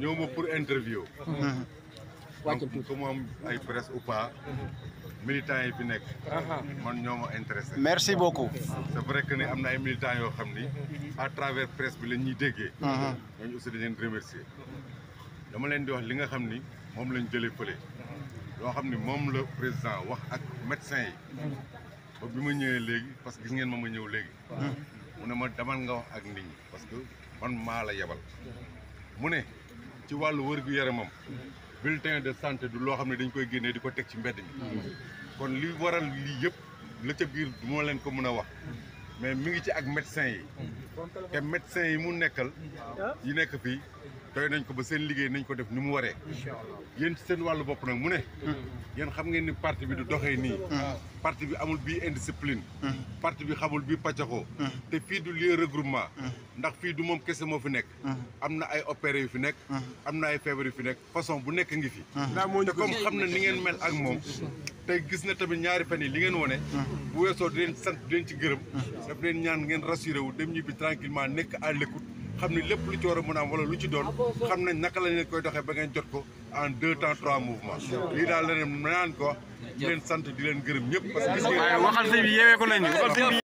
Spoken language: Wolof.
ñëw ma pour interview donc comme am ay presse ou pas militants yi fi nekk man ñoo ma intéressé. merci beaucoup c' est vrai que ne am na ni à travers presse bi la ñuy déggee. ñooñu aussi dañ leen remercier dama leen di wax li nga xam ni moom lañ jëlee fële loo xam ni moom la président wax ak médecin yi ba bi ma ñëwee léegi parce que gis ngeen ma ma ñëw ma demal nga wax ak nit ñi parce que man maa la yebal mu ne ci wàllu wër-gu-yaramam bulletin de sante du loo xam ne dañ koy génnee di ko teg ci mbedd mi mm. kon li waral lii yëpp la ca biir du ma leen ko mën a wax mais mi ngi ci ak médecin yi te médecin yi mu nekkal yi nekk fii doy nañ ko ba seen liggéey nañ ko def ni mu waree yéen ci seen wàllu bopp nag mu ne yéen xam ngeen ni parti bi du doxee nii parti bi amul bii indiscipline parti bi xamul bii paccaxoo te fii du lieu regroupement ndax fii du moom kese moo fi nekk am na ay opéré yu fi nekk am na ay feebar yu fi nekk façon bu nekk ngi fi te comme xam na ni ngeen mel ak moom te gis na tamit ñaari fan yi li ngeen wone weesoo di leen sant ci gërëm daf leen ñaan ngeen rassuré wu dem ñibbi tranquillement nekk à l'écoute xam ne lépp lu ci war a mën a wala lu ci doon xam nañ naka la leen koy doxee ba ngeen jot ko en deux temps trois mouvements lii daal la leen naan ko di leen sant di leen gërëm ñëpp parce que waxal sëñ bi yeewee ko nañ waxal sëñ bi